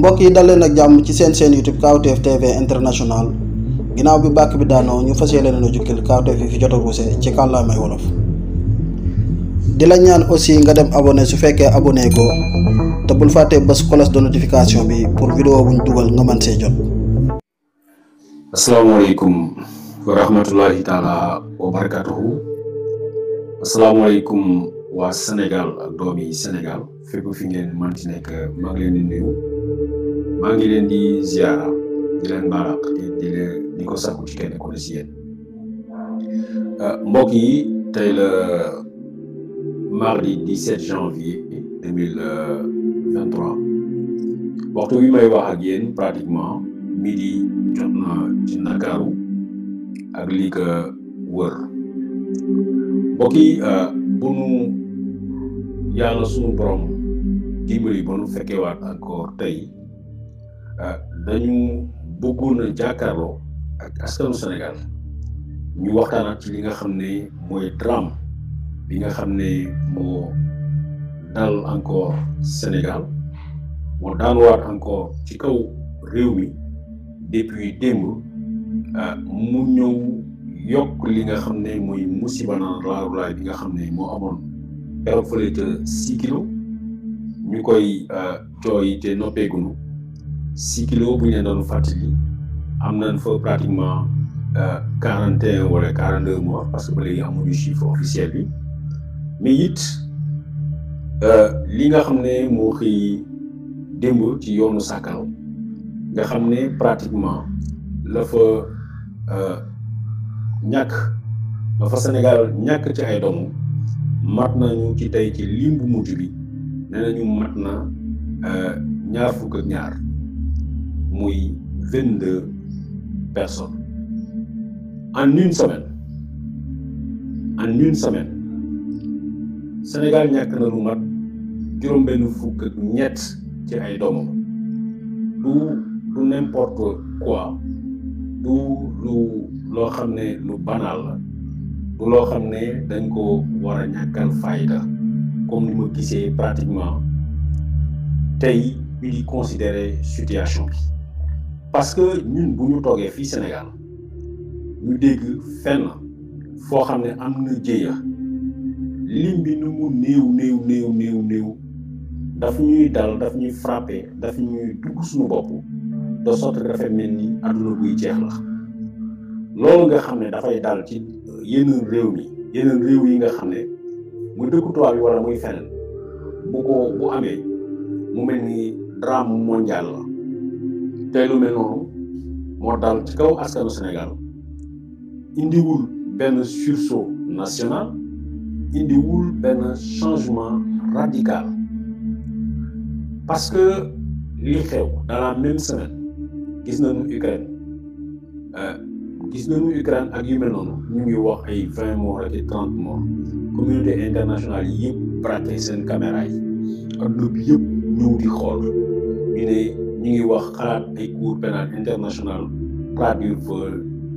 mbokk yi dal leen ak jàmm ci seen seen YouTube Kawtef TV international ginnaaw bi bàkk bi daanoo ñu fas yéene na jukkil Kawtef yi fi jot a ruuse ci kàllaamay wolof. di la ñaan aussi nga dem abonné su fekkee abonné ko te bul fàtte bés cloche de notification bi pour vidéo buñ dugal nga mën see jot. asalaamaaleykum wa waa Sénégal ak doom yi fi ngeen mën ci nekk maa leen di nuyu. maa ngi leen di ziara di leen baalaq di di ko sàkku ci kenn ku euh, mbokk yi tey la mardi 17 janvier 2023 waxtu wi may wax ak yéen pratiquement midi jot na ci ak li wër mbokk yi euh, bu nu yàlla sunu borom fekkewaat encore tey Euh, dañu bëggoon a jàkkaarloo ak askanu Sénégal ñu waxtaanaat ci li nga xam ne mooy drame bi nga xam ne moo dal encore Sénégal moo daanuwaat encore ci kaw réew mi depuis démb euh, mu ñëw yokk li nga xam ne mooy musiba naan laarulaay bi nga xam ne moo amoon keroog fële ca six kilo ñu koy euh, jooy te noppeegunu six kilos bu ñu leen doon am na fa pratiquement euh, quarante et un wala quarante deux parce que ba léegi amuñu chiffre officiel bi mais it euh, li nga xam ne moo xëy démb ci yoonu Sakal nga xam ne pratiquement la fa euh, ñàkk la fa Sénégal ñàkk ci ay doomu mat nañu ci tey ci lim bu mujj bi nee nañu mat na ñaar fukk ak ñaar. 22 22 personnes en une semaine en une semaine Sénégal na lu mat juroom benn fuk ak ñet ci ay n'importe quoi du lu lo lu banal du lo xamné dañ ko wara a fayda comme ni ma gisee pratiquement tey bi considérer situation parce que nous bu ñu Sénégal nous dégg fenn foo xam ne am na mu daf ñuy dal daf ñuy de dafa mel ni buy jeex la loolu nga xam ne dafay dal ci yeneen réew mi yeneen réew yi nga xam mu dëkku tubaab bi wala muy bu drame mondial tey lu mel noonu moo dal ci kaw askanu Sénégal indiwul benn sursaut national indiwul benn changement radical parce que li xew dans la même semaine gis nañu Ukraine euh, gis nañu Ukraine ak yu mel noonu ñu ngi wax ay vingt morts ak trente morts communauté internationale yi yëpp braqué seen caméra yi adduna bi yëpp ñëw di xool ñu ne ñu ngi wax xalaat ay cour pénal international traduire fa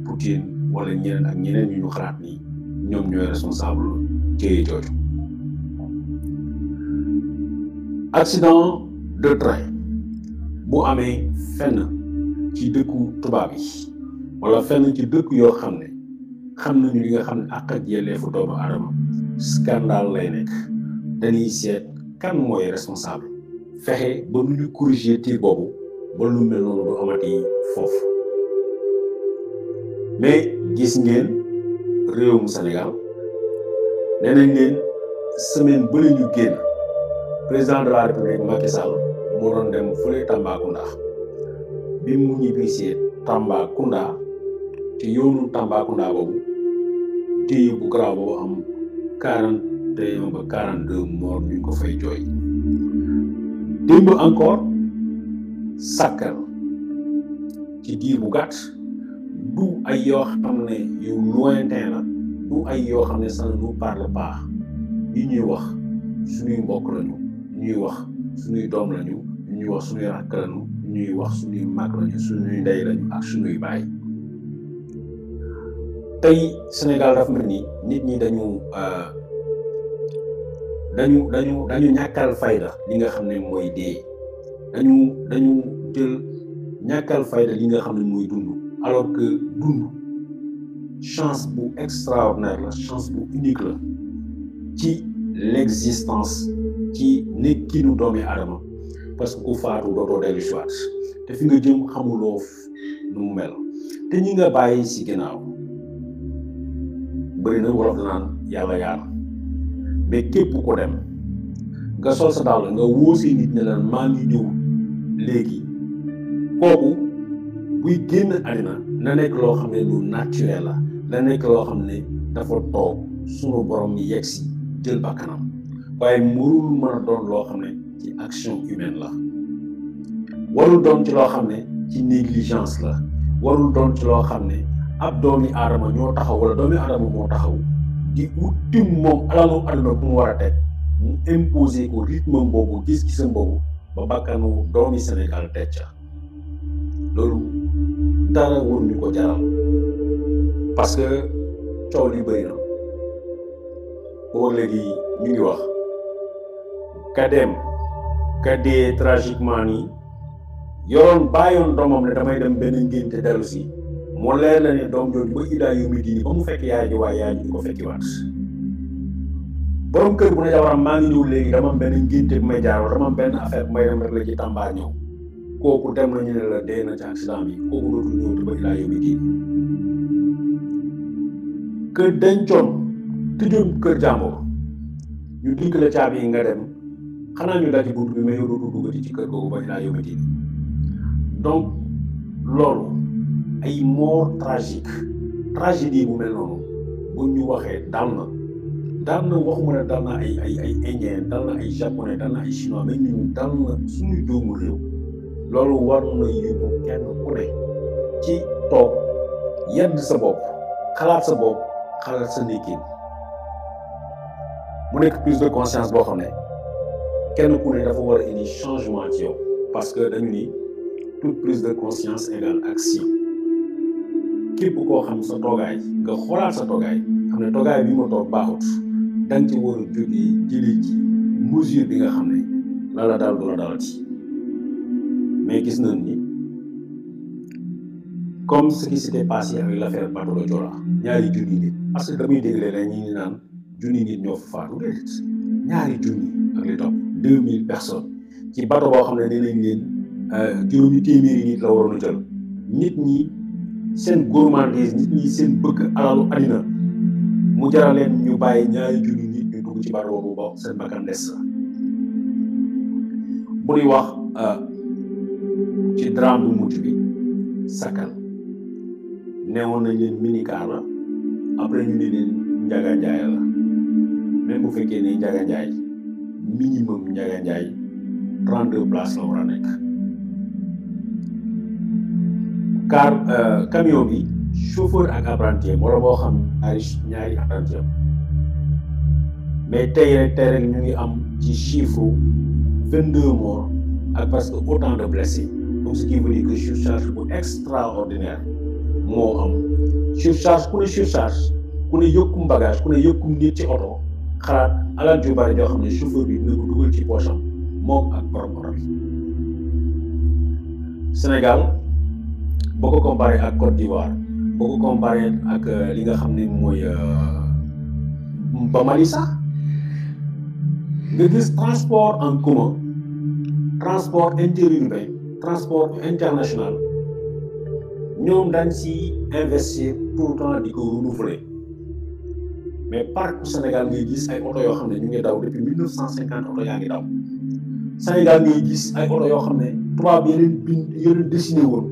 Poutine wala ñeneen ak ñeneen ñu ñu xalaat ni ñoom ñooy responsable jëye jooju accident de train bu amee fenn ci dëkku tubaab yi wala fenn ci dëkk yoo xam ne xam nañu li nga xam ne àq ak yelleefu doomu aadama scandale lay nekk dañuy seet kan mooy responsable fexe ba nu ñu corriger tir boobu ba lu mel noonu amati foofu mais gis ngeen réewum Sénégal nee nañ semaine ba la ñu génn président de la république Macky moo doon dem fële bi mu ñibbisee Tambacounda ci yoonu Tambacounda boobu téye bu garaaw boobu am quarante et un ba quarante deux morts ñu ko fay jooy. démb encore sàkkal ci diir bu gàtt du ay yoo xam ne yu lointain la du ay yoo xam ne ça ne parle pas yi ñuy wax suñuy mbokk lañu ñuy wax suñuy doom lañu ñuy wax suñuy rakk lañu ñuy wax suñuy mag lañu suñuy ndey lañu ak suñuy baay tey Sénégal dafa mel ni nit ñi dañu euh, dañu dañu dañu ñàkkal fayda li nga xam ne mooy dee dañu dañu jël ñàkkal fayda li nga xam ne muy dund alors que dund chance bu extraordinaire la chance bu unique la ci l'existence ci nekkinu doomi aadama parce que ku faatu dootoo dellu si waat te fi nga jëm xamuloo nu mu mel te ñu nga bàyyi si ginnaaw bëri na wolof naan yàlla yaar mais képp ko dem nga sol sa dàll nga wóosee nit ne leen maa ngi ñëw léegi kooku buy génn àddina na nekk loo xam ne lu naturel la na nekk loo xam ne dafa toog sunu borom yegg si jël bakkanam waaye mënul mën a doon loo xam ne ci action humaine la warul doon ci loo xam ne ci négligence la warul doon ci loo xam ne ab doomi aadama ñoo taxaw wala doomi aadama moo taxaw di wut moom alalu àdduna bu mu war a teg mu imposer ko rythme boobu gis-gisam boobu ba bakkanu doomi Sénégal tecca loolu dara waruñu ko jaral parce que coow li bëri na booba léegi ñu ngi wax ka dem ka dee tragiquement nii yoroon bàyyoon doomam ne damay dem benn ngénte dellu si moo leer la ne doom jooju ba idaa yu ba mu fekk yaay ji waaye yaay ji di ko fekki waat borom kër bu na jabaram maa ngi ñëw léegi dama am benn ngénte bu may jaaroo dama am benn affaire may dem rek la ci Tamba ñëw kooku dem nañu ne la dee na ci accident bi kooku dootul ñëw te ba idaa yu muy dencoon tëjoon kër jàmbur ñu dikk la caabi yi nga dem xanaa ñu daal ci bunt bi mais yow dootul duggati ci kër googu ba idaa yu muy loolu. ay mort tragique tragédie bu mel noonu bu ñu waxee dal na na waxuma ne dal na ay ay ay indien ay japonais dal chinois mais ñun dal na suñu doomu réew loolu war na yóbbu kenn ku ne ci toog yedd sa bopp xalaat sa bopp xalaat sa nekkin mu prise de conscience boo xam kenn ku ne dafa changement ci parce que dañu ni toute prise de conscience égale action képp koo xam sa toogaay nga xoolaat sa toogaay xam ne toogaay bi ma toog baaxut da nga ci war a jógee jëlee ci mesure bi nga xam ne la la daal du la dalati mais gis nañ ni comme ce qui s'était passé avec l'affaire bateau le Joola ñaari junni nit naan junni nit ñoo fa faatu déedéet ñaari junni ak li topp deux mille personnes ci bateau boo xam ne nee nañ leen euh, juróomi téeméeri nit la waroon jël nit ñi sen gourmandise nit ñi sen bëgg alalu adina mu jaral leen ñu bàyyi ñaari junni nit ñu dugg ci baroo bu ba seen bakkan des bu ñuy wax euh, ci drame bu mujj bi sakkan newoon nañ leen minicar la après ñu ne leen njaga njaay la même bu fekkee ne njaga njaay minimum njaga njaay 32 places la war a nekk car euh, camion bi chauffeur ak apprenti wala boo xam ñaari ñaari apprenti mais tey rek tey ñu ngi am ci chiffre vingt deux morts ak presque autant de blessés donc ce qui veut dire que surcharge bu extraordinaire moo am surcharge ku ne surcharge ku ne yëkkum bagage ku ne yëkkum nit ci oto xalaat alal ju bari joo xam ne chauffeur bi dina ko dugal ci poosam moom ak borom oto Sénégal boo ko comparé ak Côte d'Ivoire boo ko comparé ak euh, li nga xam ne mooy euh, ba Mali sax nga gis transport en commun transport interurbain transport international ñoom dañ si investir tout le temps di ko renouveler mais partout Sénégal ngay gis ay oto yoo xam ne ñu ngi daw depuis mille neuf cent cinquante oto yaa ngi daw Sénégal ngay yoo xam ne tubaab yeneen woon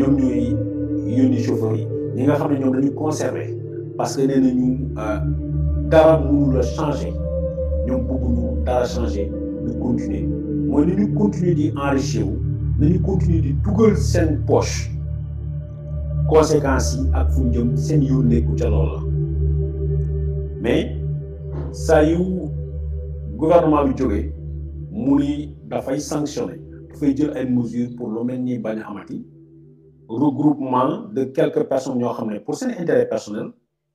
ñoom ñooy yónni chauffeurs yi ñi nga xam ne ñoom dañu conserver parce que nee nañu euh, dara mënu la changer ñoom bëgguñu dara changer ñu continuer mooy ni ñu continuer di enrichir wu nañu continuer di dugal seen poche conséquences yi ak fu jëm seen yoon nekku ca loolu la mais saa yu gouvernement bi jógee mu ni dafay sanctionner dafay jël ay mesures pour lu mel ni bañ a amati regroupement de quelques personnes ñoo xam ne pour seen intérêt personnel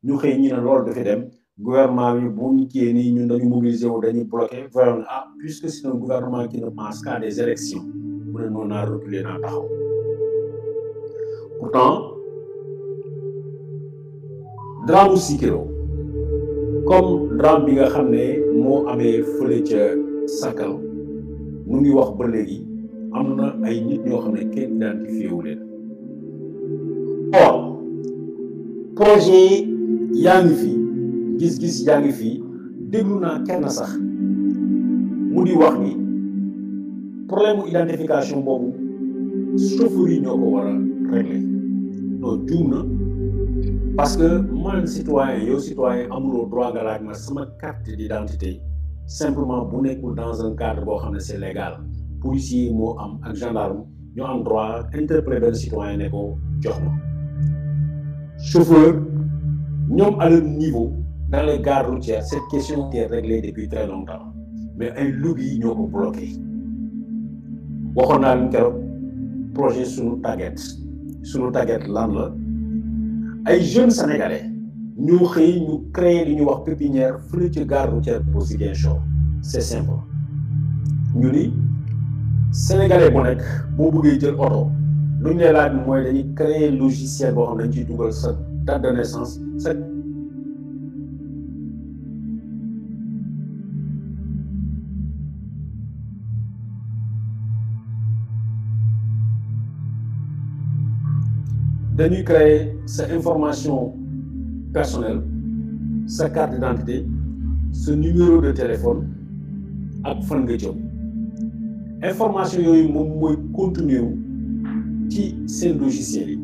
ñu xëy ñi ne loolu dafa dem gouvernement bi bu ñu kiyee nii ñun dañu mobiliser wu dañu bloqué ah puisque c'est un gouvernement qui ne pense qu'à des élections mu ne noonu naa reculer naa taxaw pourtant drame Sikiro comme drame bi nga xam ne moo amee fële ca Sakal mu ngi wax ba léegi am na ay nit ñoo xam ne kenn identifié wu leen or projet yaa ngi fi gis-gis yaa ngi fi déglu sax di wax ni problème d'identification, boobu chauffeur yi ñoo ko régler non parce que man citoyen yo citoyen le droit de laaj ma sama carte d'identité simplement bu nekkul dans un cadre boo xam c'est légal policier moo am ak gendarme ñoo am droit interpeller le citoyen et de jox ma chauffeurs sommes à leur niveau dans les gares routières cette question est réglée depuis très longtemps mais un lobby nous a bloqué On a un projet sur nos target, Sur nos lan là, ay jeunes sénégalais nous créons ñu créer li wax pépinière fële ci gare routière bu Ziguinchor c'est simple Nous ñu dit, sénégalais qui nekk de des jël nous avons créé laaj créer logiciel pour Google, ne sa date de naissance sa dañuy créer sa informations personnelles, sa carte d'identité ce numéro de téléphone ak de nga information yooyu moom ci seen logiciel yi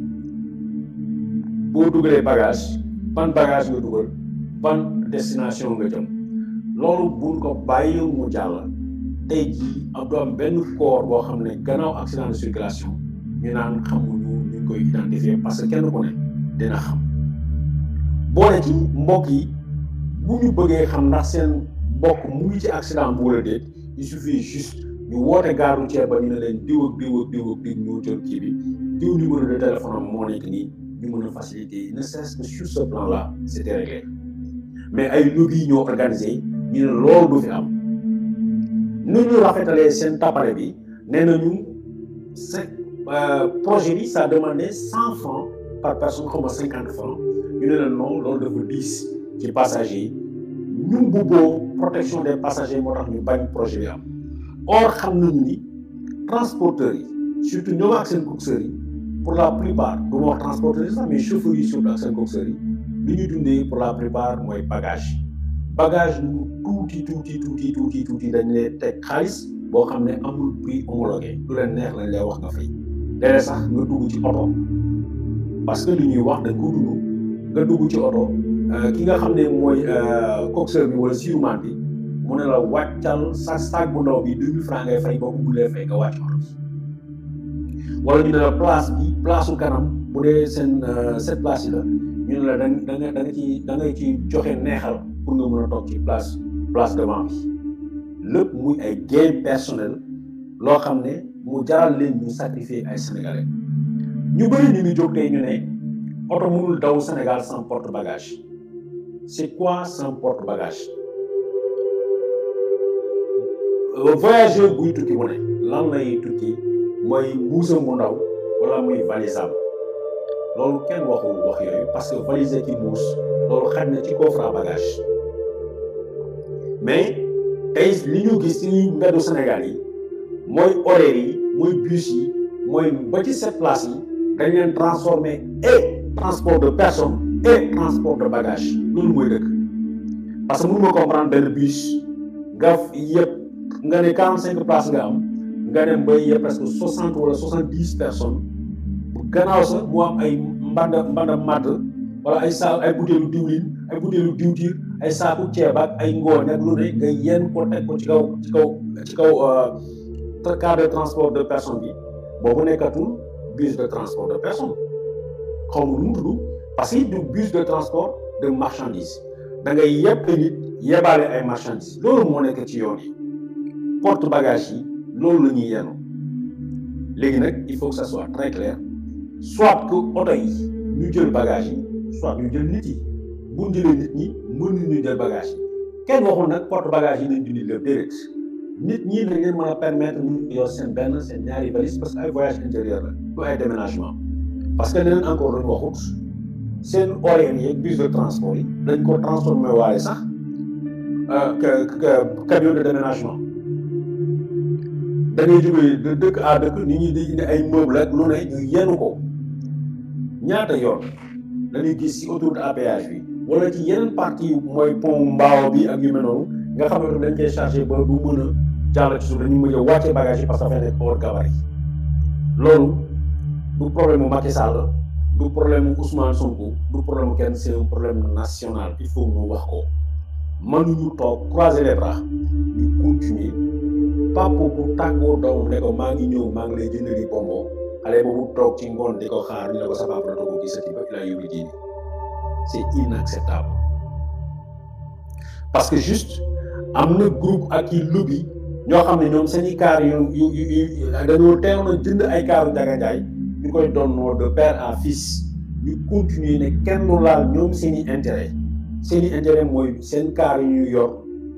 boo dugalee bagage ban bagage nga dugal ban destination nga jëm loolu buñ ko bàyyiwul mu jàll tey jii am du am benn corps boo xam ne gannaaw accident de circulation ñu naan xamuñu ñu koy identifier parce que kenn ku ne dina xam boole ci mbokk yi bu ñu bëggee xam ndax seen mbokk mu ngi ci accident bu wala déet il suffit juste. ñu woote gare routière ba ñu ne leen diw ak diw ak diw ak diw ñoo jot kii bi diw numéro de téléphone am moo nekk nii ñu mën a faciliter ne serait-ce que sur ce plan là c' était réglé mais ay lobby yi ñoo organisé ñu ne loolu du fi am nu ñu rafetalee seen tapare bi nee nañu ce euh, projet bi ça demandait 100 francs par personne comme 50 francs ñu ne leen non loolu dafa diis ci passagers yi ñu bubboo protection des passagers moo tax ñu bañ projet bi am or xam nañu ni transporteur yi surtout ñoom ak seen yi pour la plupart du ma wax transporteurs yi sax mais chauffeurs yi surtout ak seen coxeurs yi li ñuy dundee pour la plupart mooy bagage bagage lu tuuti tuuti tuuti tuuti tuuti dañ lay teg xaalis boo xam ne amul prix homologué lu la neex lañ lay wax nga fay léeg sax nga dugg ci oto parce que li ñuy wax dañ ko dund nga dugg ci oto euh, ki nga xam ne mooy euh, coxeur bi wala siruman bi mu ne la wàccal sa sac bu ndaw bi deux mille francs ngay fay boo ko bulee nga wàcc oto bi wala ñu ne la place bi place su kanam bu dee seen euh, cette place yi la ñu ne la da nga da nga ci da nga ci joxe neexal pour nga mën a toog ci place place devant bi lépp muy ay gain personnel loo xam ne mu jaral leen ñu sacrifier ay sénégalais ñu bëri ñu ngi jóg tey ñu ne oto mënul daw Sénégal sans porte bagage c'est quoi sans porte bagage euh, voyageur buy tukki mu ne lan lay tukki mooy mbuusam mu ndaw wala muy valisam loolu kenn waxul wax yooyu parce que valise ci mbuus loolu xaj na ci coffre à bagage mais tey li ñu gis ci mbeddu Sénégal yi mooy horaire yi mooy bus yi mooy ba ci cette place yi dañ leen transformer et transport de personnes et transport de bagage loolu mooy dëkk parce que mënu ma comprendre benn bus gaf yëpp nga ne 45 places nga am nga dem ba presque 60 wala personnes gannaaw sa mu am ay mbanda mbanda wala ay ay bouteille diwlin ay bouteille ay saaku ay ko ko ci ci euh, de transport de personnes. bi boobu nekkatul bus de transport de personnes. xaw du bus de transport de marchandises. da ngay nit ay loolu moo nekk ci yoon porte bagage yi loolu la ñuy yenu léegi nag il faut que ça soit très clair soit que oto yi ñu jël bagage yi soit ñu jël nit yi bu ñu jëlee nit ñi ñu jël bagage yi kenn waxul nag porte bagage yi nañ dindi lépp déedéet nit ñi la ngeen mën a permettre ñu yor seen benn seen ñaari valise parce que ay voyage intérieur la du ay déménagement parce que leneen encore lañu waxut seen horaires yi ak bus de transport yi dañ ko transformé waaye sax euh, camion de déménagement da jógee de dëkk aa dëkk ni ñi di indi ay meuble ak lu ne ñu yenu ko ñaata yoon dañuy gis ci autoroute à péage bi wala ci yeneen partie mooy pont mbaaw bi ak yu mel nga xam ne dañ koy chargé ba du mën a jàll ci suuf dañu mujj a wàcce bagage yi parce que dafay nekk hors loolu du problème mu Macky Sall du problème mu Ousmane Sonko du problème mu kenn c'est problème national il faut ñu wax ko mënuñu toog croiser les bras ñu continuer papa bu tàggoo doom ne maa ngi ñëw maa ngi lay jëndali bonbon xale boobu toog ci ngoon di ko xaar ñu ne ko sa papa dootoo ko gisati ba ilaa yóbbu diini c'est inacceptable parce que juste am na group ak i lobby ñoo xam ne ñoom seen i kaar yu yu dañoo teew na jënd ay kaaru Ndiaga Ndiaye ñu koy donnoo de père en fils ñu continuer ne kenn du laal ñoom seen i intérêt seen mooy seen kaar yu ñu yor.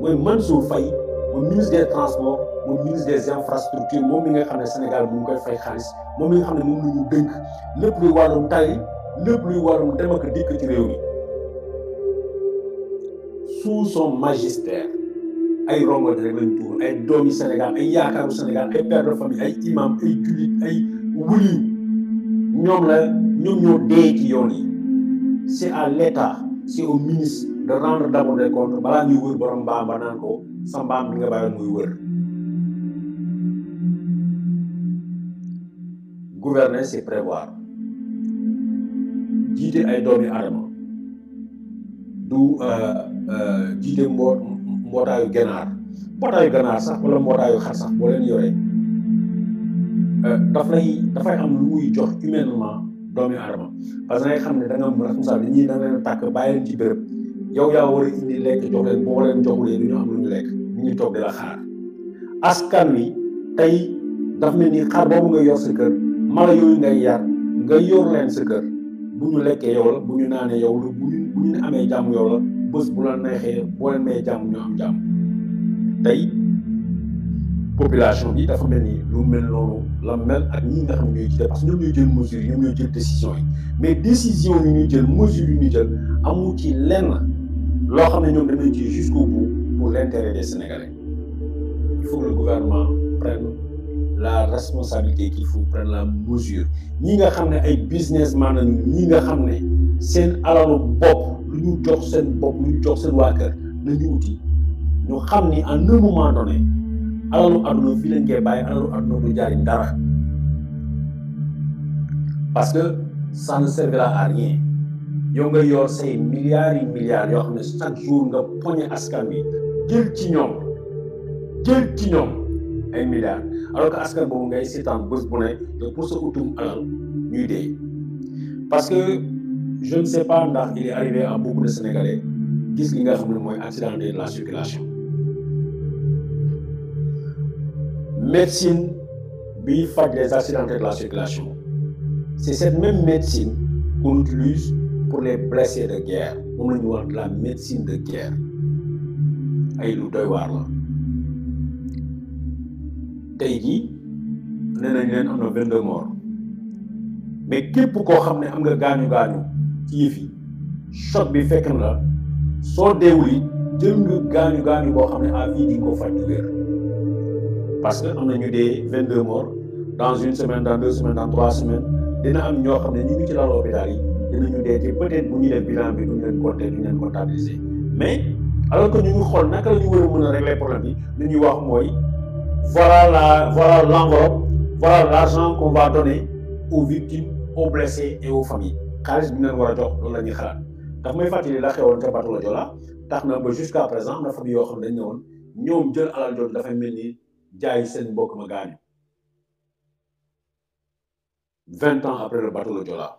man fay ministre des transports mo ministre des infrastructures mo mi nga xamné Sénégal ngi fay mo mi nga xamné le ñu dënk lepp luy tay lepp luy ci mi sous son magistère ay rongoñ rek lañ Tour, ay domi Sénégal ay yaakaaru Sénégal ay père de famille ay imam ay julit ay wuli ñom la ñom ñoo dé ci c'est à l'état c'est au ministre de rendre d'abord des comptes balaa ñuy wër borom mbaam ba naan ko sa mbaam bi nga bàyyoon muy wër gouverner c'est prévoir jiite ay doomi adama du euh, euh, jiite mboo mbootaayu ganaar mbootaayu ganaar sax wala mbootaayu xar sax boo leen yoree euh, daf lay dafay am lu muy jox humainement doomi adama parce que nga xam ne da nga am responsable ñii da nga leen tàkk bàyyi yow yaa war a indi lekk jox leen boo leen joxulee du ñu am lu ñu lekk ñu ngi toog xaar askan wi tey daf ni xar mala ngay yar nga yor yow la bu ñu yow la bu ñu bu yow la bu la population bi dafa mel ni lu mel noonu mel ak ñi nga xam mesures décision mais décision ñu jël mesures ñu jël amu loo xam jusqu'au bout pour l'intérêt des Sénégalais il faut que le gouvernement prenne la responsabilité qu'il faut prendre la mesure ñi nga xam ne ay businessman ñi nga ne seen alalu lu ñu jox lu ñu un moment donné alalu fii lañ koy parce que ça ne servira à rien yow nga yor say milliards yi milliards yoo xam ne chaque jour nga poñe askan bi jël ci ñoom jël ci ñoom ay milliards alors que askan boobu ngay seetaan bés bu ne de pour sa utum alal ñuy dee parce que je ne sais pas ndax il est arrivé à beaucoup de Sénégalais gis li nga xam ne accident de la circulation médecine bi fait les accidents de la circulation c'est cette même médecine qu'on utilise pour les blessés de guerre on nous avoir de la médecine de guerre ay nous doy Nous avons tey nous avons une morts mais képp koo xam am nga ci choc bi fekk na la soo jël nga gaañu gaañu à vie parce que am na ñu dee morts dans une semaine dans deux semaines dans trois semaines dina am ñoo xam ne ngi ci laal yi dinañu dee peut-être bu ñu def bilan bi ñu leen compter duñ leen comptabiliser mais alors que ñu ngi xool naka la ñu war a mën a régler problème bi li ñuy wax mooy voilà la voilà l'enveloppe voilà l'argent qu'on va donner aux victimes aux blessés et aux familles xaalis bi ñu leen war a jox loolu la ñuy xalaat ndax may fàttali la xewoon ca bateau la Joola tax na ba jusqu'à présent am na famille yoo xam dañ ne woon ñoom jël alal jooju dafay mel ni jaay seen mbokk ma gaañu vingt ans après le bateau la Joola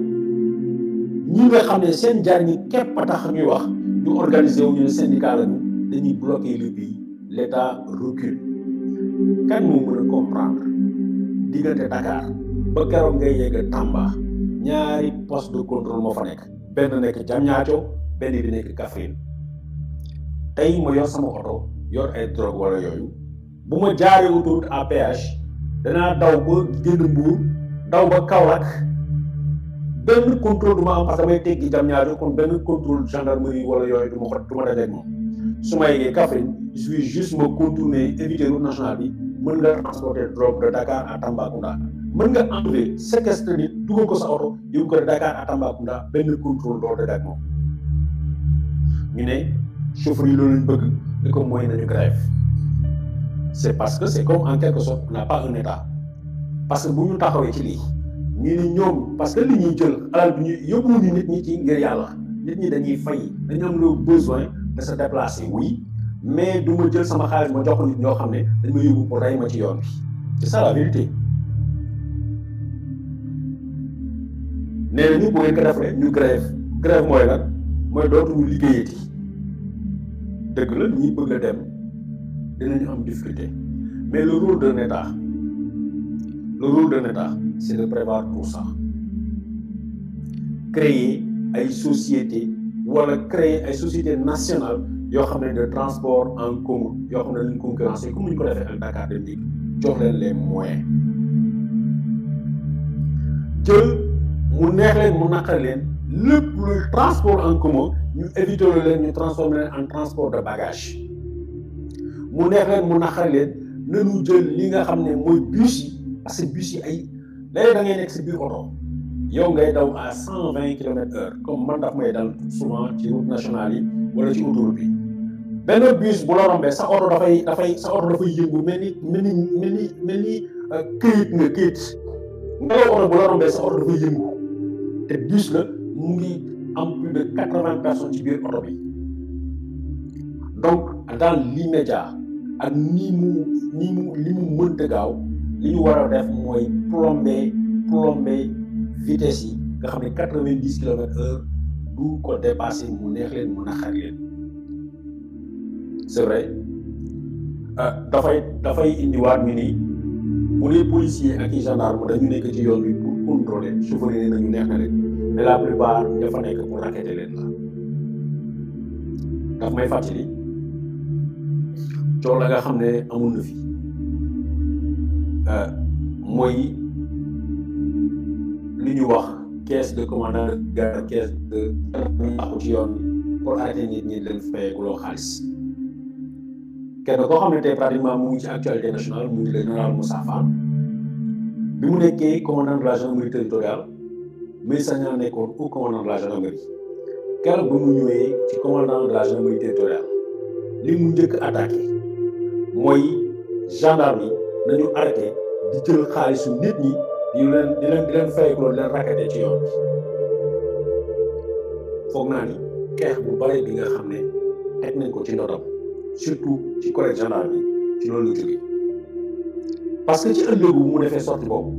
ñi nga xam ne seen njariñ képp a tax ñuy wax ñu organiser wu ñu ne syndicat la dañuy bloquer le pays l' état recule kan moo mën a comprendre diggante Dakar ba keroog ngay yegg Tamba ñaari poste de contrôle moo fa nekk benn nekk Diamniadio benn bi nekk Kaffrine tey ma yor sama oto yor ay drogue wala yooyu bu ma jaaree autoroute à péage danaa daw ba génn Mbour daw ba Kaolack benn contrôle du ma am parce que damay teggi jam ñaari kon benn contrôle gendarmerie wala yooyu du ma xot du ma dajeeg moom su ma yeggee Kaffrine je juste ma contourner éviter nationale bi mën nga transporter drogue de Dakar à Tambacounda mën nga enlever séquestre nit dugal ko sa oto yóbbu ko de Dakar à Tambacounda benn contrôle doo dajeeg moom ñu ne chauffeur yi loolu lañ bëgg li ko mooy nañu grève c'est parce que c'est comme en quelque sorte on pas un état parce que bu ñu ñu ni ñoom parce que li ñuy jël alal bi ñu yóbbu ni nit ñi ci ngir yàlla nit ñi dañuy fay dañu am le besoin de se déplacer oui mais du jël sama xaalis ma jox ko nit ñoo xam ne dañ ma yóbbu pour rey ma ci yoon bi c'est ça la vérité nee na ñu bu ngeen ko defee ñu grève grève mooy lan mooy dootuñu liggéeyati dëgg la ñi bëgg a dem dinañu am difficulté mais le rôle d'un état Le rôle de l'État, c'est de prévoir tout ça. Créer une société ou créer une société nationale de transport en commun, une concurrence, comme nous l'avons à Dakar de Ligue, les moyens. Dieu, mon erreur, mon le transport en commun, nous évitons de nous transformer en transport de bagages. Mon erreur, mon ne nous jël li nga xam ne bus parce que bus yi ay léeg da ngay nekk si biir oto yow ngay daw à 120 km kilomètres heure comme man daf may dal souvent ci route nationale yi wala ci autoroute bi benn bus bu la rombee sa oto dafay dafay sa oto dafay yëngu mel ni mel ni mel ni mel ni euh, këyit nga këyit nga oto bu la rombee sa oto dafay yëngu te bus la mu ngi am plus de 80 personnes ci biir oto bi donc dans l'immédiat ak ni mu ni mu li mu mënta gaaw li ñu war a def mooy plombé plombé vitesse yi nga xam ne quatre-vingt-dix heure du ko dépasser mu neex leen mu naqar leen c'est vrai euh, dafay dafay indiwaat ñu ni bu dee policier ak i gendarme dañu nekk ci yoon bi pour contrôler chauffeur yi nañu neex na leen mais la plupart dafa nekk pour raqueter leen la daf may fàttali coow la nga xam ne amul na fi. Euh, mooy li ñu wax caisse de commandant de garde caisse de axu ci yoon pour arrêter nit ñi leen fayeeku lo xaliss kenn ko xam ne tey pratiquement mu ngi ci actualité nationale mu ngi le général Moussa Fall bi mu nekkee commandant de la gendarmerie territoriale Mbaye Sagna nekkoon au commandant de la gendarmerie keroog bu mu ñëwee ci commandant de la gendarmerie territoriale li mu njëkk attaqué mooy gendarme nañu arrêté di jël xaalisu nit ñi di leen di leen di leen fayagloon di ci yoon foog naa ni xeex bu bari bi nga xam ne teg nañ ko ci ndodam surtout ci collège gendarme bi ci loolu la jógee que ci ëllëgu mu defee sorti boobu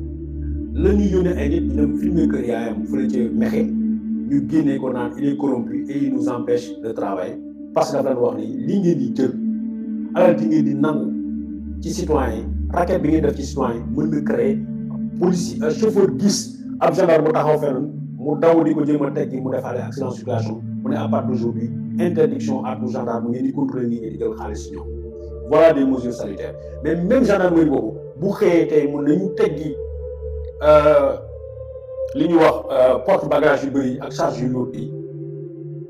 la ñuy ay nit ñu dem filmer kër yaayam fële ci mexe ñu génnee ko naan il est corrompu et il nous de travailler parce que dafa wax ni li ngeen di jël alal di ngeen di nangu ci citoyen raquette bi ngeen def ci ciment yi mën na créer police un chauffeur gis ab gendarme taxaw fenn mu daw di ko jéem a teg mu defaale accident circulation mu ne à partir bi interdiction à tout gendarme ngeen di contrôler nii ngeen di jël xaalis si ñoom voilà des mesures sanitaires mais même gendarmerie boobu bu xëyee tey mën nañu teggi euh, li ñuy wax euh, porte bagage yu bëri ak charge yu lourd yi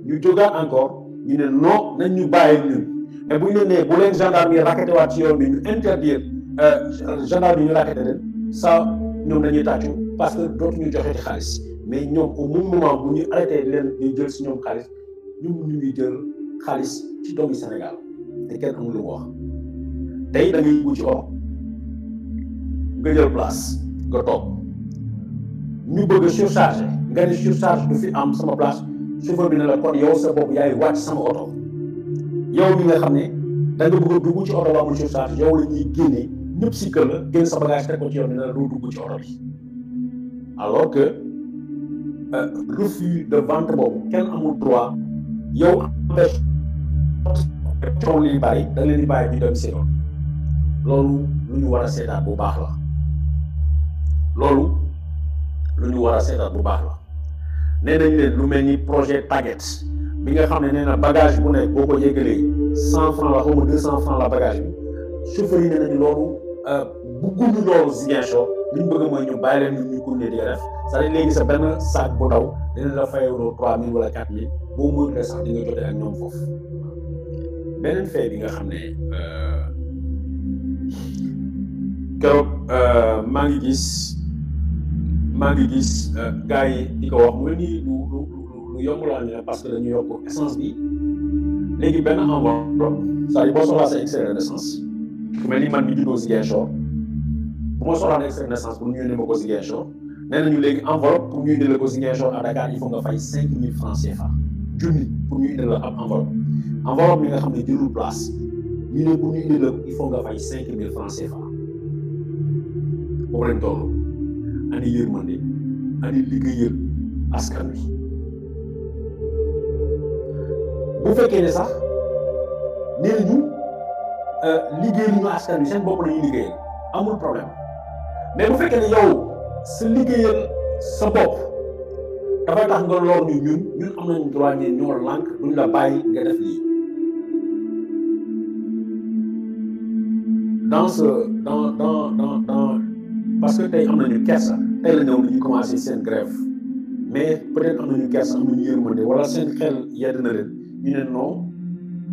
ñu jógaat encore ñu ne non nañ ñu bàyyi ñun mais bu ñu nee bu leen gendarme yi raquettewaat ci yoon bi ñu interdire gendarme euh, yi ñu raakete leen ça ñoom dañuy tàccu parce que dootuñu joxe ci xaalis mais ñoom au même moment bu ñu arrêté leen di jël si ñoom xaalis ñun ñu ngi jël xaalis ci doomi nga jël place nga toog ñu bëgg a surchargé nga ne surcharge du fi am sama place chauffeur bi ne la kon yow sa bopp yaay wàcc sama oto yow mi nga xam ne da nga bëgg ci oto amul surcharge yow la ñuy ñëpp sikkal la jël sa bagage teg ko ci yoon ne la doo dugg ci oto bi alors que euh, refus de vente boobu kenn amul droit yow empêche coow li bari da leen di bàyyi ñu dem seen loolu lu ñu war a seetaat bu baax la loolu lu ñu war a seetaat bu baax la nee nañ leen lu mel ni projet target bi nga xam ne nee na bagage bu nekk boo ko yëgalee cent franc la xaw ma deux cent franc la bagage bi chauffeur yi nee nañu loolu Euh, bëgguñu loolu Ziguinchor li ñu bëgg mooy ñu bàyyi leen ñu ñu ko di ko def léegi sa benn sac bu ndaw dina la fayaloo 3000 wala 4000 boo mënulee sax di nga jotee ak ñoom foofu beneen fee bi nga xam ne euh, keroog euh, maa ngi gis maa ngi gis gars yi di ko wax mu ne nii lu lu lu yomb laa ne parce que dañu yokk essence bi léegi benn envoi c'est-à-dire sa excès d'essence. ku ni man mi juddoo Ziguinchor bu ma soxlaan naissance pour ñu yónnee ma ko pour ñu indil ko à Dakar il faut nga fay francs CFA junni pour ñu indil enveloppe enveloppe mi nga xam ne place ne pour ñu il faut nga fay francs CFA toll yërmande ani liggéeyal askan bu ne sax nee euh, liggéey lu askan wi seen bopp la ñuy liggéeyal amul problème mais bu fekkee ne yow sa liggéeyal sa bopp dafa tax nga lor ñu ñun ñun am nañu droit ne ñoo lànk duñ la bàyyi nga def lii dans ce dans dans dans dans parce que tey am nañu kersa tey la ñëw ñu commencé seen grève mais peut-être am nañu kersa am nañu yërmande wala seen xel yedd na leen ñu ne non.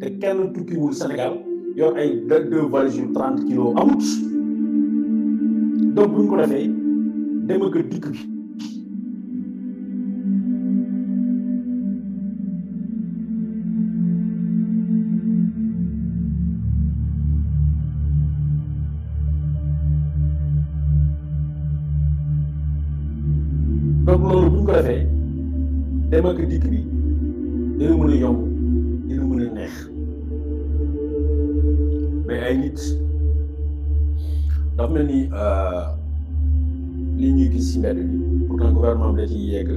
te kenn tukkiwul Sénégal yor ay deux valises yu trente kilos amut donc ñu ko defee dem ak dikk bi dikk bi ci yegg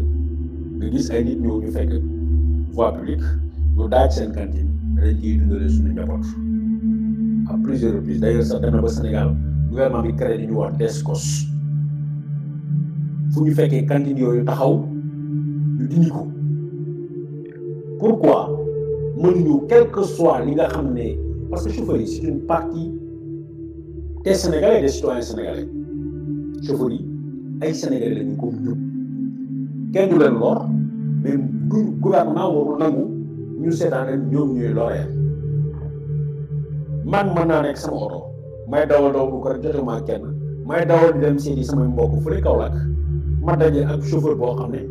nga gis ay nit ñëw ñu fekk voie publique ñu daaj seen cantine dañ ciy dundale suñu njaboot à plusieurs reprises d'ailleurs sax dem na ba Sénégal gouvernement bi créé li ñu wax DESCOS fu ñu fekkee cantine yooyu taxaw ñu dindi ko pourquoi mënuñu quel que soit li nga xam ne parce que chauffeurs yi c'est une partie des Sénégalais des citoyens sénégalais chauffeurs yi ay Sénégalais lañu comme ñëpp. kenn du leen lor mais du gouvernement warul nangu ñu seetaan leen ñoom ñooy loreel man mën naa nekk sama oto may dawal dawal bu ko rek jotuma kenn may dawal di dem seeti samay mbokk fële Kaolack ma daje ak chauffeur boo xam ne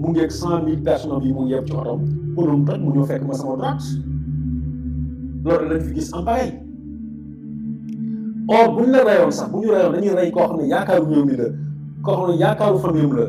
mu ngi ak cent mille personnes yi mu ngi ci otom bu ñu la rayoon sax bu ñu rayoon dañuy rey koo xam ne yaakaaru ñoom la koo xam ne yaakaaru famille la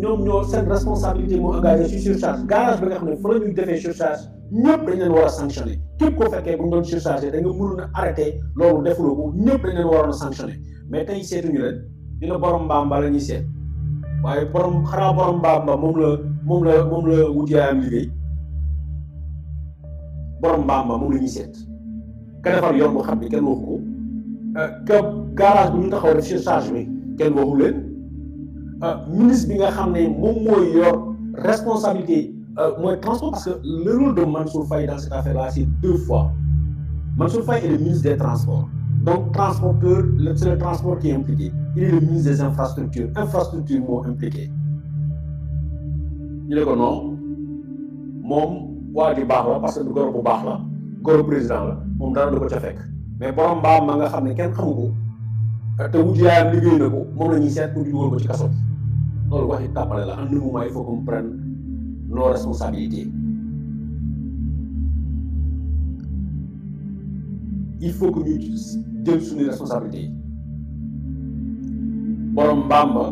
ñoom ñoo seen responsabilité moo engagé sur surcharge garage bi nga xam ne fa surcharge ñëpp dañ leen war a sanctionné képp ko fekkee bu ñu doon surchargé da nga mënoon arrêté loolu defuloo ko ñëpp dañ leen waroon sanctionné mais tey ñu leen dina borom mbaam ba la ñuy seet waaye borom xanaa borom mbaam ba moom la moom la moom la wut yaayam liggéey borom mbaam ba moom la ñuy ka defar yoon bu kenn waxu ko euh, garage bu ñu taxaw surcharge bi kenn waxu leen. Euh, ministre bi nga xam ne moom yor responsabilité euh, mooy transport parce que le rôle de Mansour Faye dans cette affaire là c'est deux fois Mansour Faye est le ministre des transports donc transporteur c' le transport qui est impliqué il est le ministre des infrastructures infrastructure moo impliqué ñu ne ko non moom waa ji baax la parce que du goro bu baax la goro président la moom dara du ko ca fekk mais borom mbaam ma nga xam ne kenn xamu ko euh, te wujj yaayam liggéey na ko moom la ñuy seet pour ñu dugal ko ci loolu waxi tàppale la en un may il faut qu'on prenne nos responsabilités il faut que ñu jël suñu responsabilité yi borom Mbamba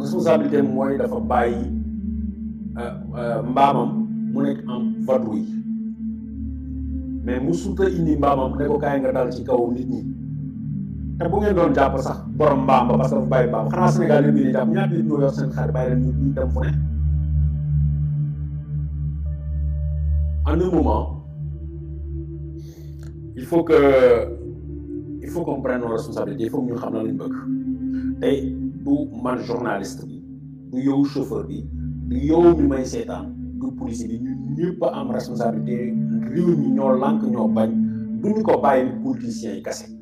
responsabilité mooy dafa bàyyi mbaamam mu nekk en vadrouille mais mu suuta indi mbaamam ne ko kaay nga dal ci kaw nit ñi te bu ngeen doon jàpp sax borom mbaam ba parce que dafa bàyyi mbaam xanaa Sénégal yëpp yéen jàpp ñaata nit ñoo yor seen xar bàyyi leen ñu dem fu ne. en un moment il faut que il faut qu'on prenne nos responsabilités il faut que ñu xam lan lañ bëgg tey du man journaliste bi du yow chauffeur bi du yow mi may seetaan du police bi ñun ñëpp am responsabilité réew mi ñoo lànk ñoo bañ du ñu ko bàyyi politicien yi kese.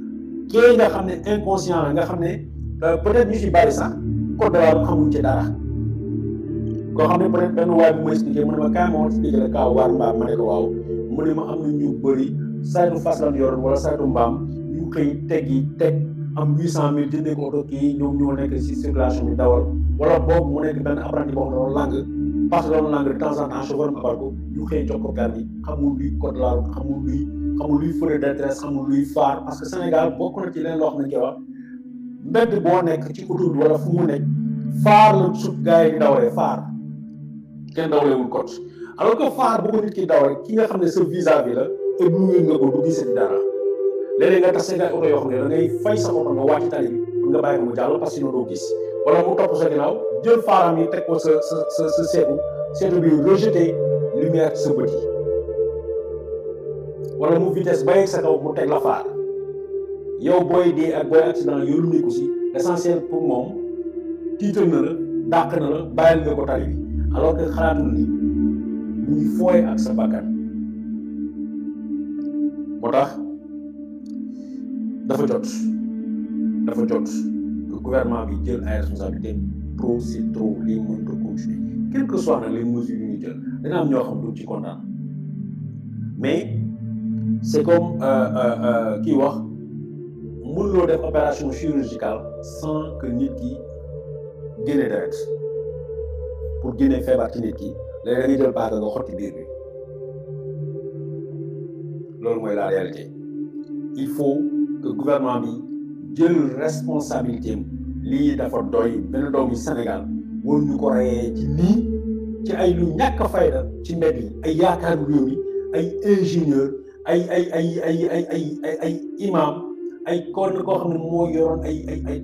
kii nga xam ne inconscient la nga xam ne euh, peut-être ñu fi bari sax code barre bu koo xam ne peut-être benn ma expliqué mu ne ma kaay ñu bëri saytu fas lan yoroon mbaam ñu xëy teggi teg am huit cent mille jëndee ko oto kii ñoom ñoo nekk si circulation bi dawal boo xam ne loolu langue parce que loolu mu abal ko ñu la xamul luy xamul luy feu d'intérêt xamul luy faar parce que Sénégal bokk na ci leen loo xam ne ci wax mbedd boo nekk ci autour wala fu mu nekk faar la suuf gars yi di dawalee faar kenn dawalewul kot alors que faar bu ko nit ki dawale ki nga xam ne sa visa bi la éblouir nga ko du gisati dara léeg-léeg nga tase nga oto yoo xam ne da ngay fay sa oto nga wàcc tali bi nga bàyyi mu jàll parce doo gis wala mu topp sa ginnaaw jël faaram yi teg ko sa sa seetu seetu bi wala mu vitesse ba yegg sa kaw mu teg la faar yow booy dee ak booy accident yoonu nekku si l'essentiel pour moom tiital na la dàq na la bàyyil nga ko tali bi alors que xalaatul ni mu fooy ak sa bakkan moo tax dafa jot dafa jot que gouvernement bi jël ay responsabilités trop c'est trop lii mënut a continuer quel que soit nag les mesures yu ñuy jël dina am ñoo xam duñ ci kontaan c'est comme qui euh, euh, euh, voit, mënuloo def opération chirurgicale sans que nit ki génne deret pour génne feebar ci nit ki léegi da ngay jël paaka nga xotti biir la réalité il faut que gouvernement bi jël responsabilité am lii dafa doy benn doomu Sénégal war ñu ko reyee ci nii ci ay lu ñàkk fayda ci mbedd yi ay yaakaaru réew mi ay ingénieur ay ay ay ay ay ay ay ay imam ay koo xam ne moo yoroon ay ay ay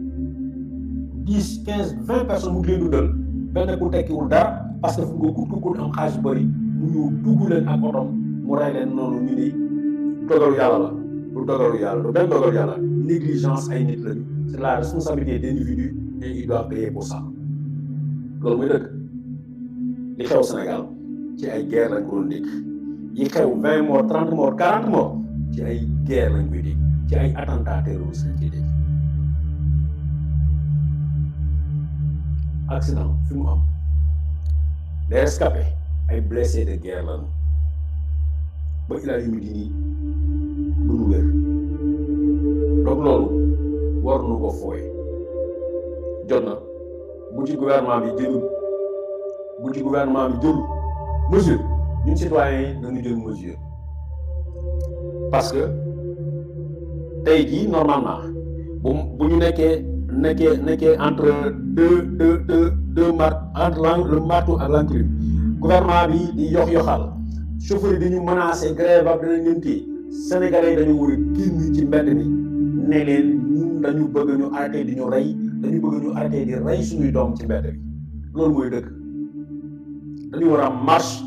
quinze vingt personnes mu ngi leen dundal benn ku tekkiwul dara parce que fu nga gudd gudd am xaalis bëri mu ñëw dugg leen ak otom mu rey leen noonu ñu ni dogalu yàlla la du dogalu yàlla du benn dogalu yàlla négligence ay nit lañu c'est la responsabilité des individus et ils doivent payer loolu mooy dëgg li xew Sénégal ci ay guerre lañ ko doon yi xew vingt morts trente morts quarante ci ay guerre lañ koy dégg ci ay attentat terroriste lañ koy dégg accident fi mu am les rescapés ay blessés de guerre lañ ba ilaa yu midi nii duñu wér donc loolu war nu ko fooye jot na bu ci bi jëlu bu ci bi jëlu mesure ñun citoyens yi nañu jël mesure parce que tey jii normalement bu bu ñu nekkee nekkee nekkee entre de deux deux deux mart entre le gouvernement bi di yox yoxal chauffeur yi dañu menacé grève ab dinañ leen téye sénégalais dañu war a ci mbedd mi ne leen dañu bëgg ñu arrêté di ñu rey dañu bëgg ñu arrêté di rey suñuy doom ci mbedd bi loolu mooy dëkk dañu war a marche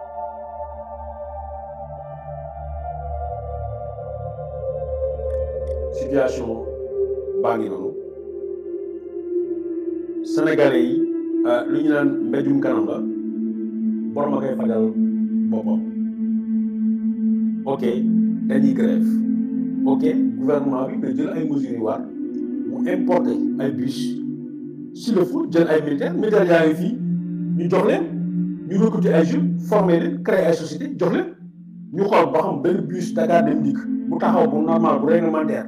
situation baa ngi noonu sénégalais yi euh, lu ñu naan mbéjum kanam la borom a koy fajal boppam ok dañuy grève ok gouvernement bi na jël ay mesures yu war mu importer ay bus si le faut jël ay militaires militaires yaa ngi fii ñu jox leen ñu recruter ay jeunes former leen créer ay société jox ñu xool ba xam benn bus Dakar dem dikk bu taxaw bu normal bu réglementaire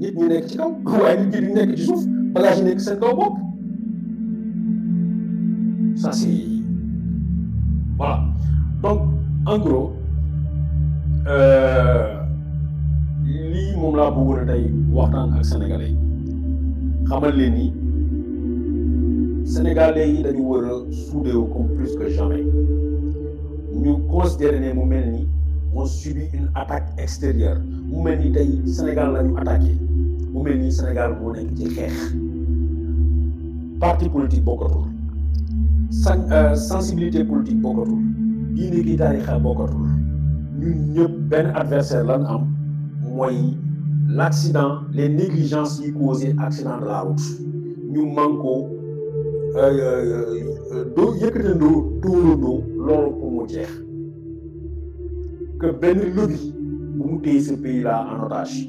nit ñi nekk ci ci ça c'est voilà donc en gros euh, lii moom a tey sénégalais xamal leen ni sénégalais yi dañu plus que jamais ñu considéré une attaque extérieure Nous avons ni Sénégal attaqué bu mel ni Sénégal moo nekk ci xeex parti politique bokkatul san euh, sensibilité politique bokkatul diine gi taarixa bokkatul ñun ñëpp benn adversaire lan am mooy l' accident les négligences yi causé accident de la route ñu man do euh, euh, doo yëkkatandoo tóorandoo loolu pour mu jeex que benn lobby bu mu téye ce pays là en otage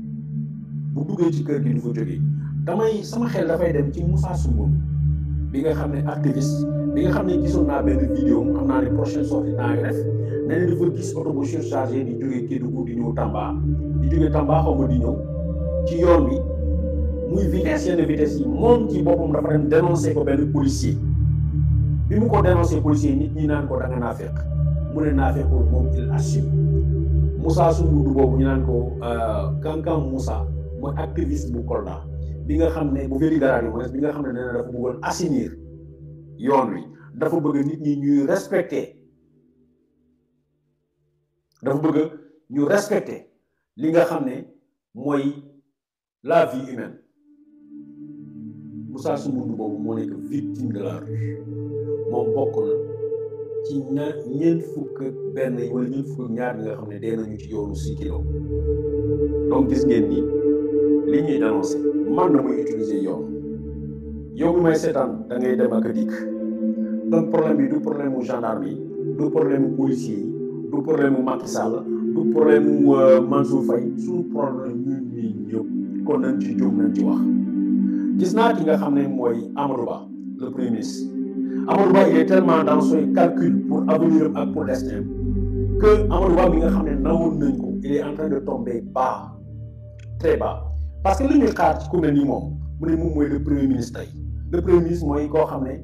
bu duggee ci kër gi du fa jógee damay sama xel dafay dem ci Moussa Soumoun bi nga xam ne activiste bi nga xam ne gisoon naa benn xam naa ne prochaine sortie naa ngi def nee na dafa di di Tamba di jógee Tamba xaw ma bi muy vitesse yenn vitesse yi moom ci boppam bi mu ko dénoncé policier nit ñi naan ko da nga naa naa fekkul moom il assume Moussa ñu naan ko euh, Kankan Moussa. mooy activiste bu Kolda bi nga xam ne bu Vélingara dara ni bi nga xam ne nee na dafa yoon wi dafa bëgg nit ñi ñuy respecté dafa bëgg ñu respecté li nga xam ne mooy la vie humaine Moussa Soumoundou boobu moo nekk victime de la rue moom bokk na ci ña ñeent fukk benn wala ñeent fukk ñaar ñi nga xam ne dee nañu ci yoonu si kilo donc gis ngeen ni. li ñuy dénoncé man na muy utiliser yow yow may seetaan da ngay dem a dikk donc problème bi du problème mu gendarme yi du problème mu policier du problème mu Macky du problème mu euh, Mansour Faye suñu problème ñun ñii ñëpp kon nañ ci jóg nañ ci wax gis naa ki nga xam ne mooy Amadou Ba le premier ministre Ba il tellement dans son calcul pour avenir ak pour destin que Amadou Ba mi nga xam ne nawoon nañ ko il est en train de tomber bas parce que li ñuy xaar ci ku mel ni moom mu ne moom mooy le premier ministre le premier ministre mooy koo xam ne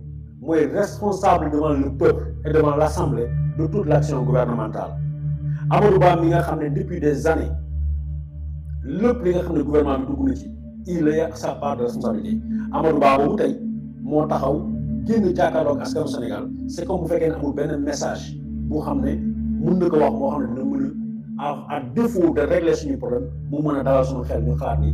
mooy responsable devant le peuple et devant l' assemblée de toute l' action gouvernementale Amadou Ba mi nga xam ne depuis des années lépp li nga xam ne gouvernement bi dugg na ci il a sa part de responsabilité Amadou Ba boobu tey moo taxaw génn jàkkaarloog askanu Sénégal c' est comme bu fekkee ne amul benn message boo xam ne mën na ko wax moo xam ne dina mën a à défaut de régler suñu problème mu mën a dalal suñu xel ñu xaar ni.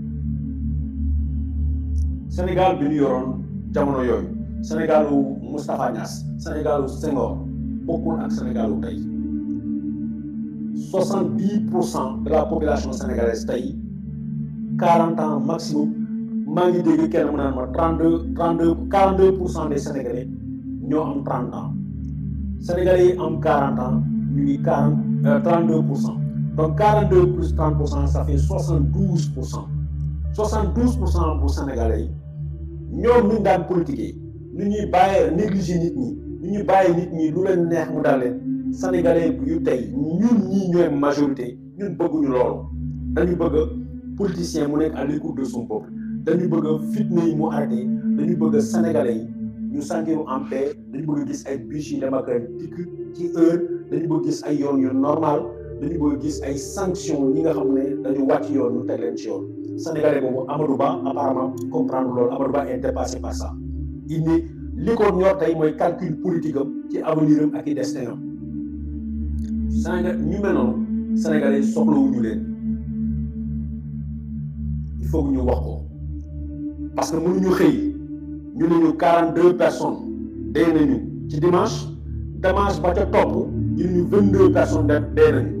Sénégal bi ñu yoroon Sénégal Moustapha Niass Sénégalu Senghor beaucoup ak Sénégalu 70% de la population sénégalaise tey 40 ans maximum 42% des Sénégalais ñoo am 30 ans Sénégalais ont 40 ans nous euh, 32% donc 42 plus 30 ça fait 72 72 pour Sénégalais ñoom les daan nous nu ñuy pas négliger nit ñi nu ñuy bàyyi nit ñi lu leen neex mu daan leen sénégalais yu tey ñun ñii ñooy majorité ñun loolu dañu politicien mu à l'écoute de son peuple dañu bëgg fitna mu arrêté dañu bëgg sénégalais yi ñu en paix dañu bëgg gis ay bus yi dem ci heure dañu bëgg gis ay yoon normal dañu bëgg gis ay sanctions ñi nga xam ne dañu wàcc yoon ñu teg leen ci yoon sénégalais boobu Amadou Ba apparemment comprendre loolu Amadou Ba est par ça il ni li ko ñor tey mooy calcul politique am ci avenir am ak i destin am Sénégal ñu mel noonu sénégalais soxlawuñu leen il faut que ñu wax ko parce que mënuñu xëy ñu ne ñu quarante deux personnes dee nañu ci dimanche dimanche ba ca topp ñu ne ñu vingt personnes dee nañu.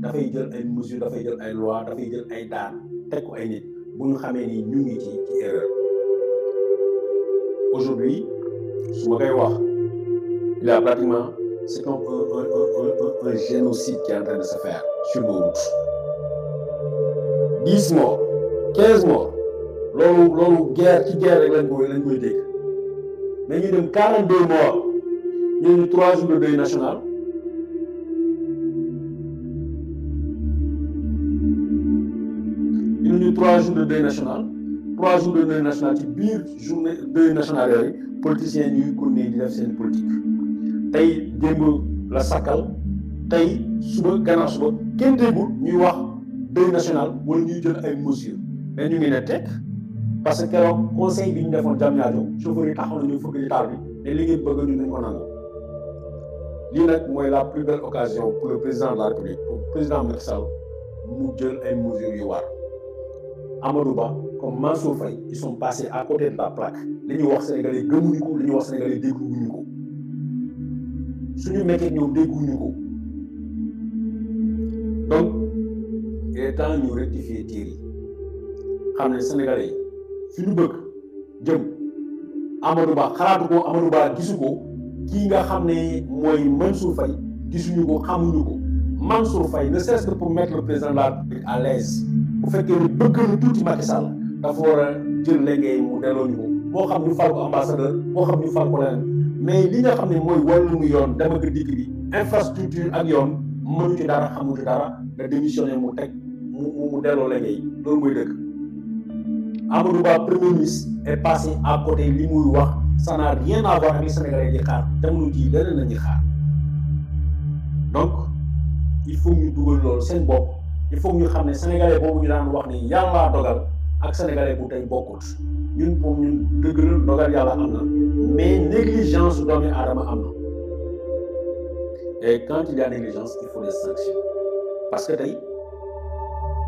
dafay jël ay mesures dafay jël ay lois dafay jël ay daan teg ko ay nit bu ñu xamee ni ñu ngi ci ci erreur aujourd'hui su ma koy wax il y a pratiquement c'est comme un un un un un génocide qui est en train de se faire sur nos routes dix morts quinze morts loolu loolu guerre ci guerre rek lañ koy lañ koy dégg nañuy dem quarante deux morts ñooñu trois jours de deuil national. trois jours de national trois jours de deuil national journée deuil national les politiciens ñuy di def seen politique tey la ñuy wax national ñuy jël mesures mais ñu ngi parce que le conseil bi ñu chauffeur bëgg ñu la plus belle occasion pour le président de la République pour président jël mesures Amadou comme Mansour Faye ils sont passés à côté de la plaque les ñuy wax sénégalais gëmuñu ko li wax sénégalais d'Égouniko ko suñu métier ñoom dégguñu ko donc il est temps rectifier Thierry. yi sénégalais yi fi ñu bëgg jëm Amadou Ba xalaatu ko Amadou Ba gisu nga xamné ne Mansour Faye ko xamuñu ko Mansour Faye ne cesse de pour mettre le président de la République à l'aise bu fekkee ni bëgg tuuti Macky Sall dafa war a jël léegi mu delloo ñu ko moo xam ñu fal ko ambassadeur moo xam ñu fal ko leneen mais li nga xam ne mooy wàllum yoon dama ko dikk bi infrastructure ak yoon mënu ci dara xamu ci dara nga démissionné mu teg mu mu delloo léegi loolu mooy dëkk. Amadou Ba premier ministre est passé à côté li muy wax ça n'a rien à voir ak li Sénégalais di xaar jamono jii leneen la xaar donc il faut ñu dugal loolu seen bopp. il faut ñu xam ne sénégalais boobu ñu daan wax ni yalla dogal ak sénégalais bu tey bokkut ñun pour ñun dëgg la dogal yàlla am na mais négligence doomi aadama am na et quand il y a négligence il faut des sanctions parce que tey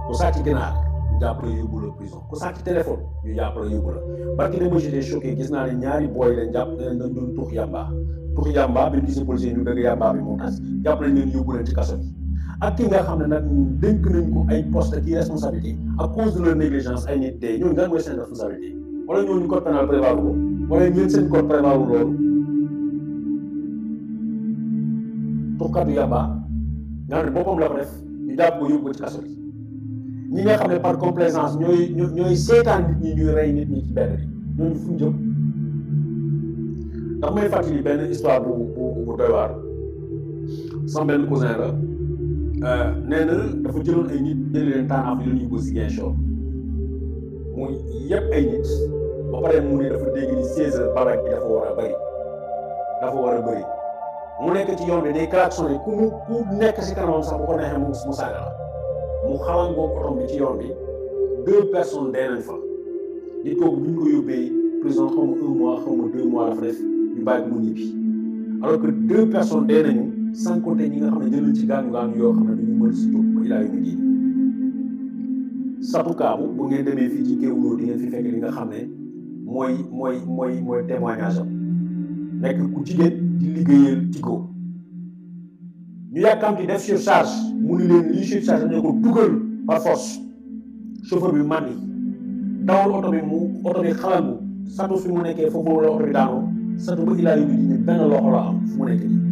ku sàcc ginaar ñu jàpp la yóbbu la prison ku sàcc téléphone ñu jàpp la yóbbu la parce que dama j'étais choqué gis naa ne ñaari booy leen jàpp leen dañ doon tuux yàmbaa Pour yàmbaa bi ñu gisee policier ñu dëgg yàmbaa bi moo tas jàpp lañ leen yóbbu leen ci kaso bi a ki nga xam ne poste ci responsabilité à cause de leur négligence ay nit une ñooñu lan mooy seen responsabilité wala ñooñu code pénal prévoir ko wala une seen code prévoir loolu Nous avons nga xam ne boppam la ko def ñu jàpp ko yóbbu ci kaso ñi nga xam ne par complaisance ñooy ñooy seetaan nit ñi ñuy rey nit ñi ci benn bi fu histoire bu bu doy waar sama cousin Euh, nee na dafa jëloon ay nit jëli leen taanaaf yi ñuy bëgg Ziguinchor mu yëpp ay nit ba pare mu ne dafa dégg ni 16 heures barak bi dafa war a bëri dafa war a bëri mu nekk ci yoon bi day klaxonné ku mu ku nekk si kanamam sax bu ko neexee mu mu saaga la mu xalan otom bi ci yoon bi deux personnes dee nañ fa nit kooku bu ko yóbbee prison xaw ma mois xaw ma deux mois dafa def ñu bàyyi mu ñibbi alors que deux personnes dee nañu sans compter ñi nga xam ne jël ci gaañu-gaañu yoo xam ne duñu mën si jóg ba ilaa yu mujj satukaabu bu ngeen demee fii ci Kéwoulo di fi fekk li nga xam ne mooy mooy mooy mooy témoignage nekk ku jigéen di liggéeyal Tigo ñu yàkkamti def surcharge mu ni leen lii surcharge dañu ko dugal par force chauffeur bi man yi dawal oto bi mu oto bi xalangu satu fi mu nekkee foofu la oto bi daanoo satu ba ilaa yu mujj ni benn loxo la am fu mu nekk nii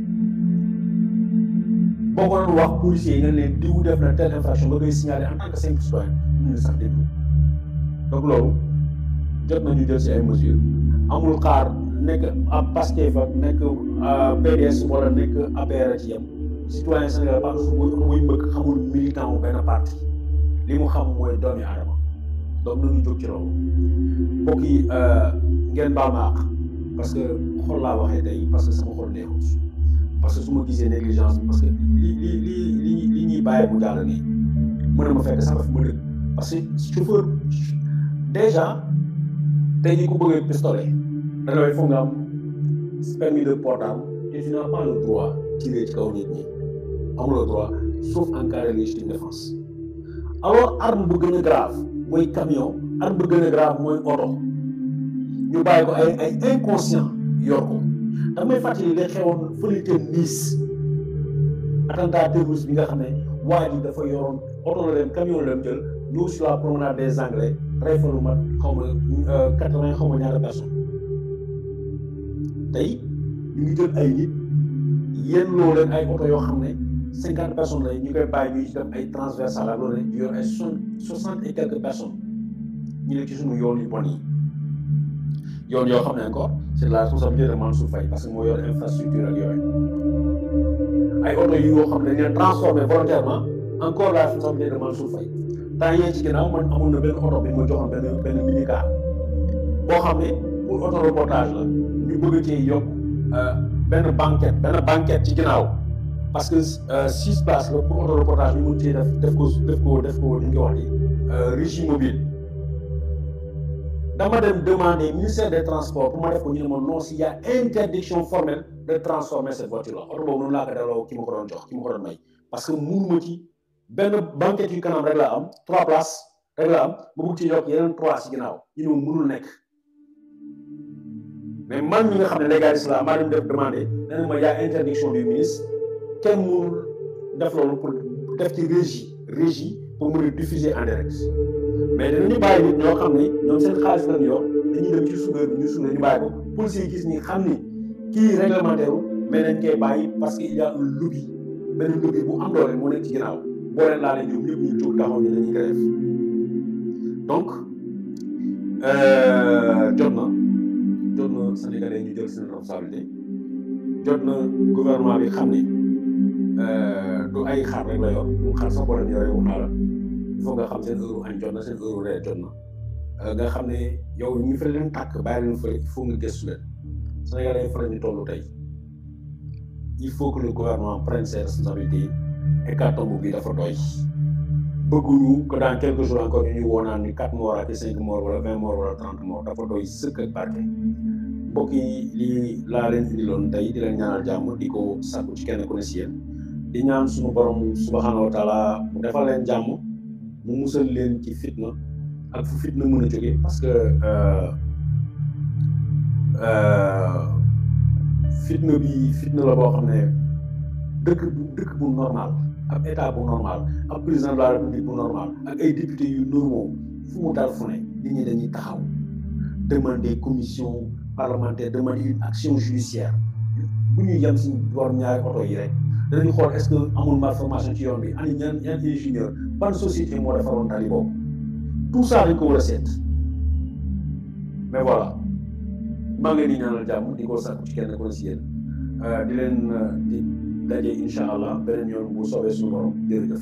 boo ko doon wax policier yi nga leen diw def na telle infraction ba koy signaler en tant que simple citoyen ñu si ay mesures amul xaar nekk ab Pastef ak nekk euh, PDS wala nekk APR ci yem citoyen Sénégal ba su muy mbëkk xamul militant wu benn parti li mu xam mooy doomi aadama donc nañu jóg ci loolu mbokk yi euh, ngeen baal ma parce que xol laa waxee tey parce que sama xol neexut parce que si ma disais négligence parce que li li li li li ñuy bàyyi mu jàll nii mën na ma fekk sax fi parce que chauffeur déjà tey jii ku bëggee pistolet da ngay foog nga permis de portable et tu n'as pas le droit tirer ci kaw nit ñi le droit sauf en cas de légitime défense alors arme bu gën grave mooy camion arme bu gën grave mooy auto. ñu bàyyi ko ay ay inconscient ko damay fàttali ne xewoon fële ca Nice attentat terroriste bi nga xam ne waa ji dafa yoroon oto la dem camion la jël ñëw sur la promenade des Anglais rey fa lu mat xaw ma euh, quatre-vingt xaw ma ñaari personnes tey ñu ngi jël ay nit yenn loo leen ay oto yoo xam ne cinquante personnes lay ñu koy bàyyi ñuy dem ay transversal la loolu ne yor ay soixante et quelques personnes ñu ne ci sunu yoon yu bon yi. yoon yoo xam ne encore c' est la responsabilité de Mansour Faye parce que moo yor infrastructure ak ay oto yu yoo xam ne dañ leen volontairement encore la responsabilité de Mansour Faye temps yee ci ginnaaw man amoon na benn oto bi ma joxoon benn benn mini boo xam ne pour auto reportage la ñu bëgg cee yokk euh, benn banquette benn banquette ci ginnaaw parce que euh, six places la pour auto reportage ñu mun cee def def ko def ko def ko li ñu koy wax nii euh, dama dem demander ministère des transports pour ma def ko ñu ne non si y' a interdiction formelle de transformer cette voiture là oto boobu noonu laa ko delloo ki ma ko doon jox ki ma ko doon may parce que ma ci ben banquette yu kanam rek la am trois places rek la am ma bu ci yokk yeneen trois ci ginaaw ñu ne mënul nek. mais man mi nga xam ne légaliste la maa dem def demander nee ma ya interdiction du ministre kenn mënul def lolu pour def ci régie régie pour mën a diffuser en direct. mais danañu bàyyi nit ñoo xam ni ñoom seen xaalis lañ yor dañuy dem ci ñu sugar ñu bàyyi ko policier yi gis ni xam ni kii réglementaire mais dañ koy bàyyi parce que il y a un lobby benn lobby bu am doole moo nekk ci ginnaaw boo leen laalee ñoom ñu euh, ñu jël seen responsabilité jot na gouvernement bi xam ni euh, du ay xar rek la yor mu sa borom yore wu la il nga xam seen heure añ jot na seen heure nga xam ne yow ñu fa leen tàkk bàyyi leen fële il faut nga gëstu leen Sénégalais fa la ñu toll tey il faut que le gouvernement prenne ses responsabilités hécatombe bi dafa doy bëgguñu que dans quelques jours encore ñu ñu ni quatre morts ak cinq morts wala vingt morts wala trente morts dafa doy sëkk ak barke mbokk yi li laa leen indiloon tey di leen ñaanal jàmm di ko sàkku ci kenn ku ne si yéen di ñaan suñu borom subhanahu wa taala mu musal leen ci fitna ak fu fitna mën a parce que euh, euh, fitna bi fitna la boo xam ne dëkk bu dëkk bu normal ab état bu normal ab président de la république bu normal ak ay député yu normaux fu mu dal fu ne nit ñi dañuy taxaw demander commission parlementaire demander une action judiciaire bu ñuy yem si boor ñaari oto yi rek. danañu xool est-ce que amul malformation ci yoon bi ani ñan ñan ingénieur ban société moo defaroon tali boobu tout ça ko war a seet mais maa ngi leen di ñaanal jàmm di ko sàkku ci kenn ku ne euh, di leen euh, di daje incha allah beneen yoon bu soobee suñu borom jërëjëf.